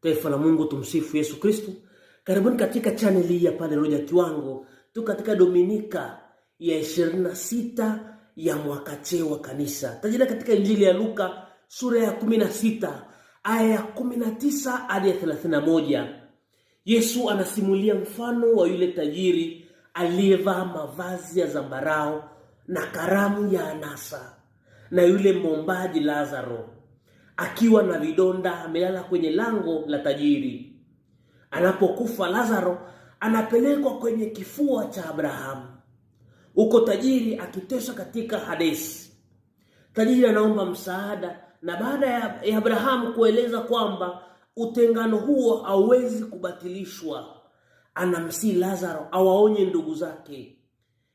Taifa la Mungu, tumsifu Yesu Kristu. Karibuni katika chaneli hii ya Padre Roja Kiwango. Tu katika Dominika ya 26 ya mwaka C wa kanisa. Tajira katika Injili ya Luka sura ya 16 aya ya 19 hadi ya Yesu anasimulia mfano wa yule tajiri aliyevaa mavazi ya zambarao na karamu ya anasa na yule mombaji Lazaro akiwa na vidonda, amelala kwenye lango la tajiri. Anapokufa Lazaro anapelekwa kwenye kifua cha Abrahamu, huko tajiri akiteswa katika Hadesi. Tajiri anaomba msaada, na baada ya Abrahamu kueleza kwamba utengano huo hauwezi kubatilishwa, anamsii Lazaro awaonye ndugu zake.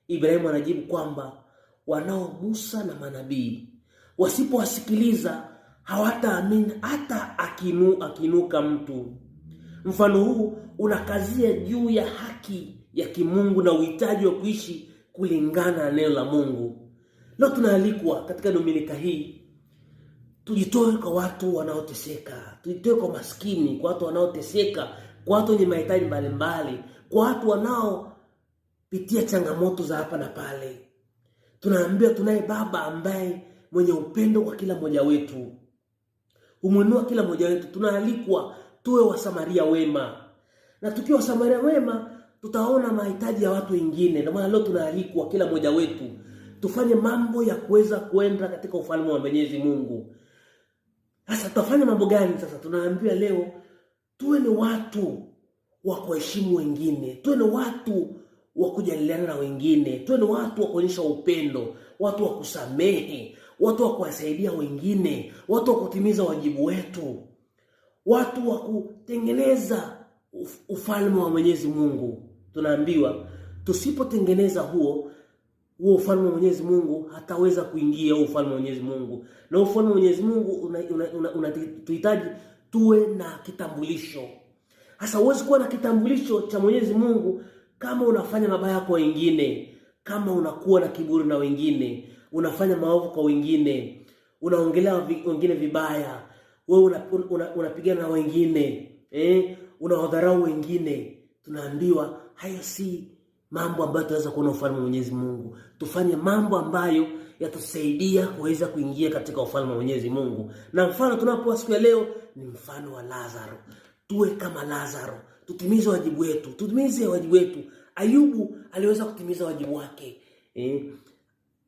Ibrahimu anajibu kwamba wanao Musa na manabii, wasipowasikiliza hawataamini hata akinu, akinuka mtu. Mfano huu unakazia juu ya haki ya kimungu na uhitaji wa kuishi kulingana na neno la Mungu. Leo tunaalikwa katika dominika hii tujitoe kwa watu wanaoteseka, tujitoe kwa maskini, kwa watu wanaoteseka, kwa watu wenye mahitaji mbalimbali, kwa watu wanaopitia changamoto za hapa na pale. Tunaambiwa tunaye Baba ambaye mwenye upendo kwa kila mmoja wetu umwinua kila mmoja wetu. Tunaalikwa tuwe wasamaria wema, na tukiwa wasamaria wema tutaona mahitaji ya watu wengine. Ndio maana leo tunaalikwa kila mmoja wetu tufanye mambo ya kuweza kuenda katika ufalme wa Mwenyezi Mungu. Sasa tutafanya mambo gani? Sasa tunaambiwa leo tuwe ni watu wa kuheshimu wengine, tuwe ni watu wa kujaliana na wengine, tuwe ni watu wa kuonyesha upendo, watu wa kusamehe, watu wa kuwasaidia wengine, watu wa kutimiza wajibu wetu, watu wa kutengeneza ufalme wa Mwenyezi Mungu. Tunaambiwa tusipotengeneza huo huo ufalme wa Mwenyezi Mungu hataweza kuingia huo ufalme wa Mwenyezi Mungu, na ufalme wa Mwenyezi Mungu unatuhitaji una, una, una tuwe na kitambulisho. Sasa huwezi kuwa na kitambulisho cha Mwenyezi Mungu kama unafanya mabaya kwa wengine, kama unakuwa na kiburi na wengine, unafanya maovu kwa wengine, unaongelea wengine vibaya, wewe unapigana una, una, una na wengine eh, unawadharau wengine, tunaambiwa hayo si mambo ambayo tunaweza kuona ufalme wa Mwenyezi Mungu. Tufanye mambo ambayo yatusaidia kuweza kuingia katika ufalme wa Mwenyezi Mungu, na mfano tunapoa siku ya leo ni mfano wa Lazaro. Tuwe kama Lazaro tutimize wajibu wetu, tutimize wajibu wetu. Ayubu aliweza kutimiza wajibu wake eh,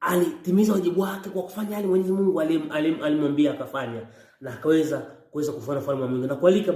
alitimiza wajibu wake kwa kufanya yale Mwenyezi Mungu alimwambia akafanya, na akaweza kuweza kufanya falme wa Mungu na kualika